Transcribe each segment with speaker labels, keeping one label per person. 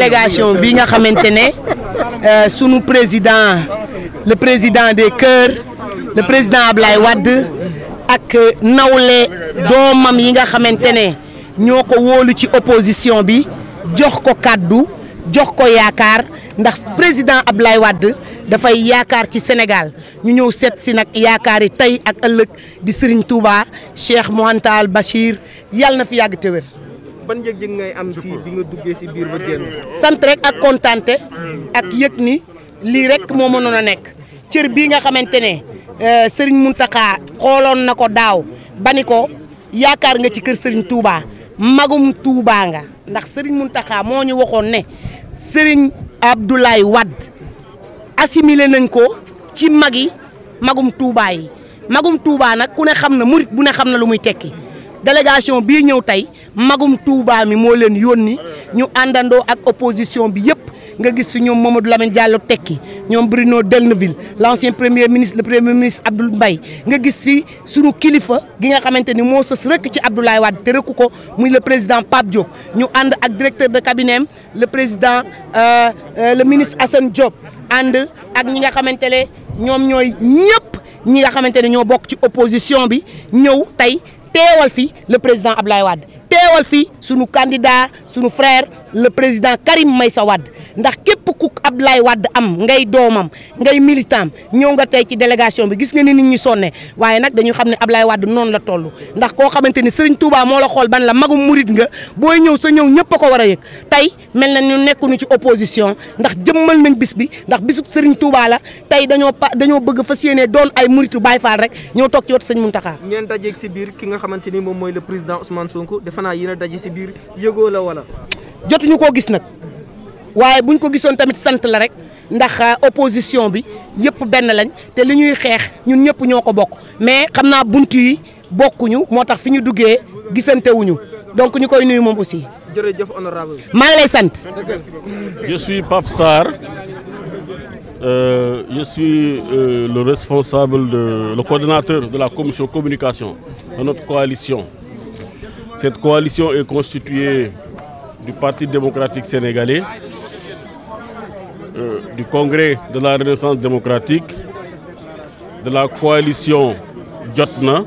Speaker 1: délégation bi nga xamante ne euh, sunu président le président des cœurs le président lay Wade ak nawle doomam yi nga xamante ne ñoo ko wóolu ci opposition bi jox ko kàddu jox ko yaakaar ndax président Ablaye Wade dafay yaakaar ci Sénégal ñu ñëw seet si nag yaakaar yi tey ak ëllëg di Serigne Touba Cheikh Mouhanta Al Bachir yàlla na fi yàgg te ban yëg-yëg ngay am si bi nga duggee si biir ba génn. sant rek ak kontaante ak yëg ni lii rek moo mënoon a nekk cër bii nga xamante ne sëriñ euh, Serigne Mountakha xooloon na ko daaw ba ni ko yaakaar nga ci kër sëriñ tuubaa magum tuubaa nga ndax sëriñ Serigne Mountakha moo ñu waxoon ne Serigne Abdoulaye Wade assimilé nañ ko ci mag yi magum Touba yi magum Touba nag ku ne xam na murit bu ne xam na lu muy tekki délégation bii ñëw tey. magum Touba mi moo leen yónni ñu àndandoo ak opposition bi yëpp nga gis fi ñoom Mamadou Lamine Diallo tekki ñoom Bruno Delneville l' ancien premier ministre le premier ministre Abdoul mbay nga gis fi sunu kilifa gi nga xamante ni moo sës rëkk ci Abdoulaye Wade te rëkku ko muy le président Pape Diop ñu ànd ak directeur de cabinet le président euh, euh, le ministre Assane Diop ànd ak ñi nga xamante ne ñoom ñooy ñëpp ñi nga xamante ne ñoo bokk ci opposition bi ñëw tey teewal fi le président Abdoulaye Wade teewal fii sunu candidat sunu frère le président Karim Meïssa Wade ndax ku Abdoulaye Wade am ngay doomam ngay militant ñëw nga tey ci délégation bi gis nga ni nit ñi sonne waaye nag dañu xam ne Abdoulaye wadd noonu la toll ndax koo xamante ni Serigne Touba moo la xool ban la magum murit nga booy ñëw sa ñëw ñëpp ko war a yëg tey mel na ñu nekkuñu ci opposition ndax jëmmal nañ bis bi ndax bisu sëriñ Touba la tey dañoo pa dañoo bëgg fa yéenee doon ay murit yu Baay Faal rek ñëw toog ci wetu mun taxaa ngeen dajeeg si biir ki nga xamante ni moom mooy le président Ousmane Sonko defe naa yéen daje si biir yëgoo la wala. jotuñu koo gis nag. waaye buñ ko gisoon tamit sant la rek ndax euh, opposition bi yëpp benn lañ te li ñuy xeex ñun ñëpp ñoo ko bokk mais xam naa bunt yi bokkuñu moo tax fi ñu duggee gisantewuñu donc ñu koy nuyu moom aussi. jërëjëf honorable maa sant.
Speaker 2: je suis Pape Sarr euh, je suis euh, le responsable de le coordinateur de la commission communication de notre coalition. Cette coalition est constituée du Parti démocratique sénégalais du Congrès de la Renaissance démocratique, de la coalition Jotna,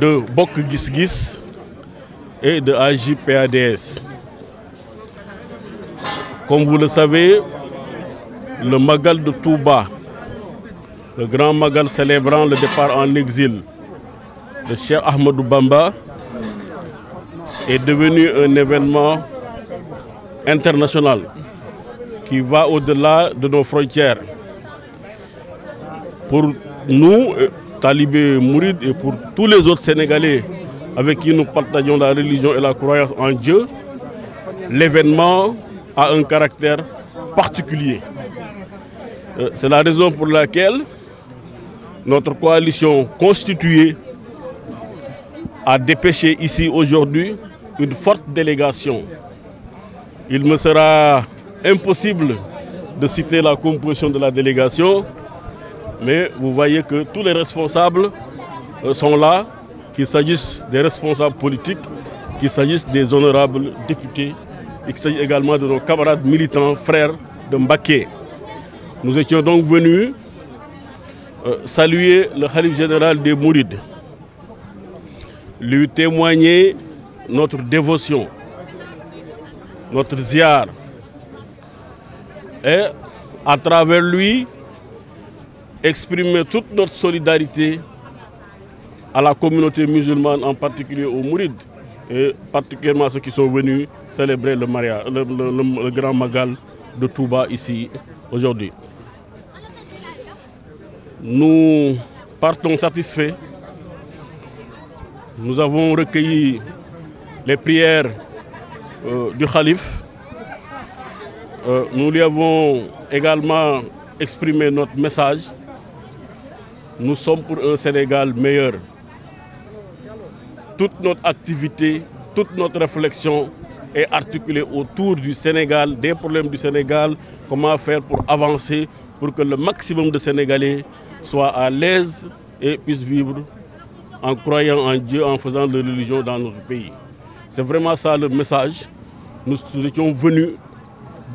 Speaker 2: de Bok gis et de AJPADS. Comme vous le savez, le Magal de Touba, le grand Magal célébrant le départ en exil de Cheikh Ahmadou Bamba, est devenu un événement international qui va au-delà de nos frontières. Pour nous, euh, talibés mourides, et pour tous les autres Sénégalais avec qui nous partageons la religion et la croyance en Dieu, l'événement a un caractère particulier. Euh, c'est la raison pour laquelle notre coalition constituée a dépêché ici aujourd'hui une forte délégation. Il me sera impossible de citer la composition de la délégation, mais vous voyez que tous les responsables euh, sont là, qu'il s'agisse des responsables politiques, qu'il s'agisse des honorables députés, et qu'il s'agisse également de nos camarades militants, frères de Mbaké. Nous étions donc venus euh, saluer le Khalif général des Mourides, lui témoigner notre dévotion, notre ziar, et à travers lui exprimer toute notre solidarité à la communauté musulmane, en particulier aux Mourides, et particulièrement ceux qui sont venus célébrer le, mariage, grand Magal de Touba ici aujourd'hui. Nous partons satisfaits. Nous avons recueilli les prières euh, du calife Euh, nous lui avons également exprimé notre message. Nous sommes pour un Sénégal meilleur. Toute notre activité, toute notre réflexion est articulée autour du Sénégal, des problèmes du Sénégal, comment faire pour avancer, pour que le maximum de Sénégalais soient à l'aise et puissent vivre en croyant en Dieu, en faisant de religion dans notre pays. C'est vraiment ça le message. Nous étions venus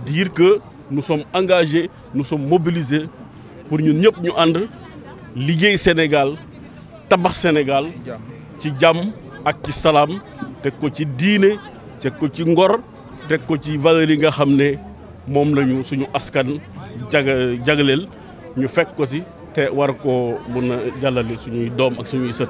Speaker 2: dire que nous sommes engagés nous sommes mobilisés pour ñun ñëpp ñu ànd liggéey senegal tabax Sénégal ci jàmm ak ci salaam teg ko ci diine teg ko ci ngor teg ko ci valeur yi nga xam ne moom lañu suñu askan jaga jagleel ñu fekk ko si te war koo mun a jàllale suñuy doom ak suñuy sët.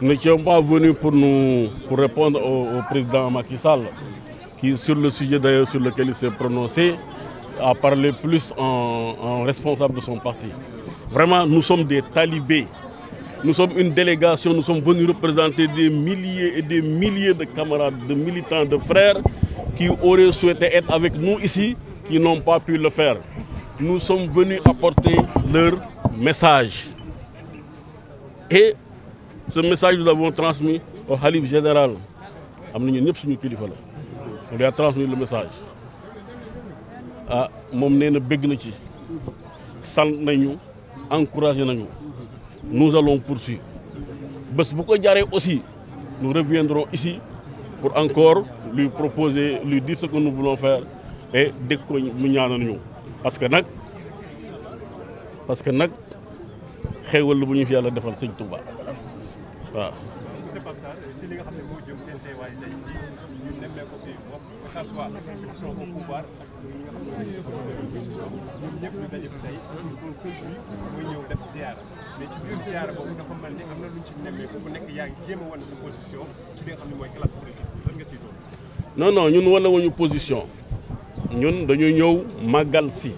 Speaker 2: Nous ne sommes pas venus pour, nous, pour répondre au, au président Macky Sall, qui, sur le sujet d'ailleurs sur lequel il s'est prononcé, à parlé plus en, en, responsable de son parti. Vraiment, nous sommes des talibés. Nous sommes une délégation, nous sommes venus représenter des milliers et des milliers de camarades, de militants, de frères qui auraient souhaité être avec nous ici, qui n'ont pas pu le faire. Nous sommes venus apporter leur message. Et ce message la l'avons transmis au Khalif général am na ñun ñëpp suñu kilifa la on lui a transmis le message ah moom nee na bégg na ci sant nañu encouragé nañu nous allons poursuivre bés bu ko jaree aussi nous reviendrons ici pour encore lui proposer lui dire ce que nous voulons faire et dégg mu ñaanal ñu parce que nag parce que nag xéewal bu ñu fi yàlla defal sëñ Touba waaw monsieur Pape Sarr ci li nga xam ne moo jëm seen teewaay tey
Speaker 1: ñu nemmee ko fi wax que ça soit ceux qui sont au pouvoir ak ñu ñëw def ziara mais ci biir mel ni am na luñ ci nemmee ko ku nekk yaa ngi jéem a wane sa position ci li nga xam ne mooy classe politique
Speaker 2: lan nga ciy ñun wane wuñu position ñun dañuy ñëw màggal si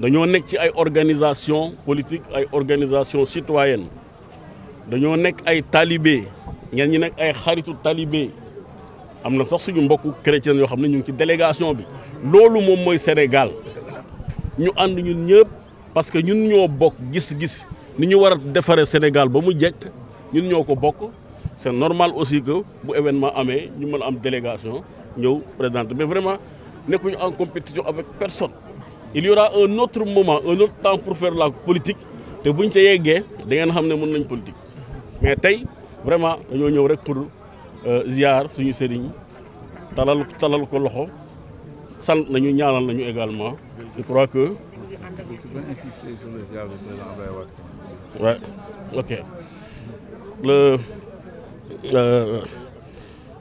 Speaker 2: dañoo nekk ci ay organisation politique ay organisation citoyenne dañoo nekk ay talibé ngeen ñi nekk ay xaritu talibé am na sax suñu mbokk chrétien yoo xam ne ñu ngi ci délégation bi loolu moom mooy Sénégal ñu ànd ñun ñëpp parce que ñun ñoo bokk gis-gis ni ñu war a defaree Sénégal ba mu jekk ñun ñoo ko bokk seen normal aussi que bu événement amee ñu mën a am délégation ñëw présenter mais vraiment nekkuñu en compétition avec personne il y aura autre moment un autre temps pour faire la politique te bu buñ ca yeggee da ngeen xam ne mën nañ politique mais tey vraiment dañoo ñëw rek pour euh, ziar suñu sëriñ talal talal ko loxo sant nañu ñaanal nañu également je crois que. Ouais. ok euh,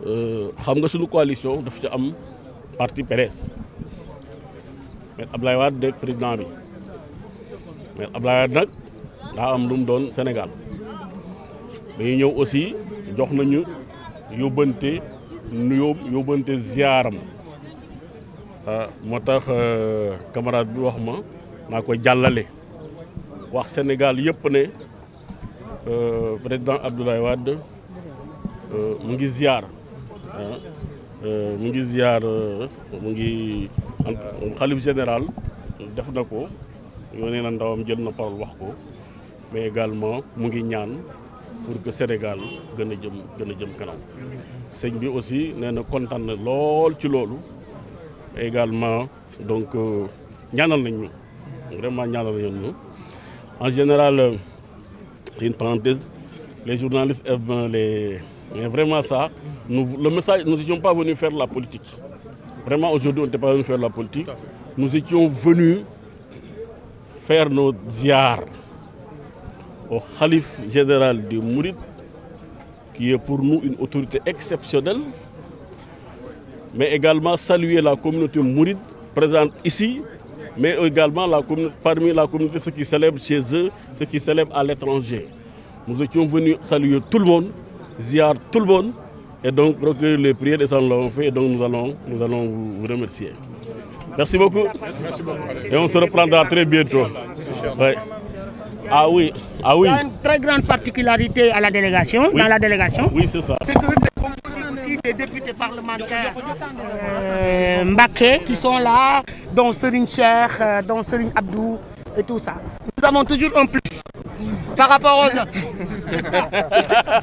Speaker 2: euh, xam nga suñu coalition daf ci am parti PDS mais Ablaye Wade nekk président bi mais Ablaye Wade nag daa am lu doon Sénégal. dañuy ñëw aussi jox nañu yóbbante nuyoo yóbbante ziaram ah, moo tax euh, camarade bi wax ma naa ko jàllale wax Sénégal yëpp ne euh, président Abdoulaye Wade euh, mu ngi ziar ah, mu ngi ziar mu ngi xalif général def na ko yónnee na ndawam jël na parole wax ko mais également mu ngi ñaan pour que Sénégal gën a jëm gën a jëm kanam sëñ bi aussi nee na kontaan na lool ci loolu également donc euh, ñaanal nañ ñu vraiment ñaanal nañ ñu en général c'est euh, une parenthèse les journalistes aiment les mais vraiment ça nous le message nous n'étions pas venus faire la politique vraiment aujourd'hui on n'était pas venus faire la politique nous étions venus faire nos ziar o Khalif général du Mourid, qui est pour nous une autorité exceptionnelle, mais également saluer la communauté Mouride présente ici, mais également la la communauté, ceux qui célèbrent chez eux, ceux qui célèbrent à l'étranger. Nous étions saluer tout le monde, ziar tout le monde, et donc recueillir les prières et ça fait, et donc nous allons, nous allons vous, remercier. Merci beaucoup. Et on se reprendra très bientôt. Ouais. Ah oui, ah
Speaker 1: oui. Il y a une très grande particularité à la délégation, oui. dans la délégation. Oui, c'est ça. C'est que c'est composé aussi des députés parlementaires euh, Mbaké qui sont là, dont Serigne Cheikh, euh, dont Serigne Abdou et tout ça. Nous avons toujours un plus par rapport aux autres. C'est ça.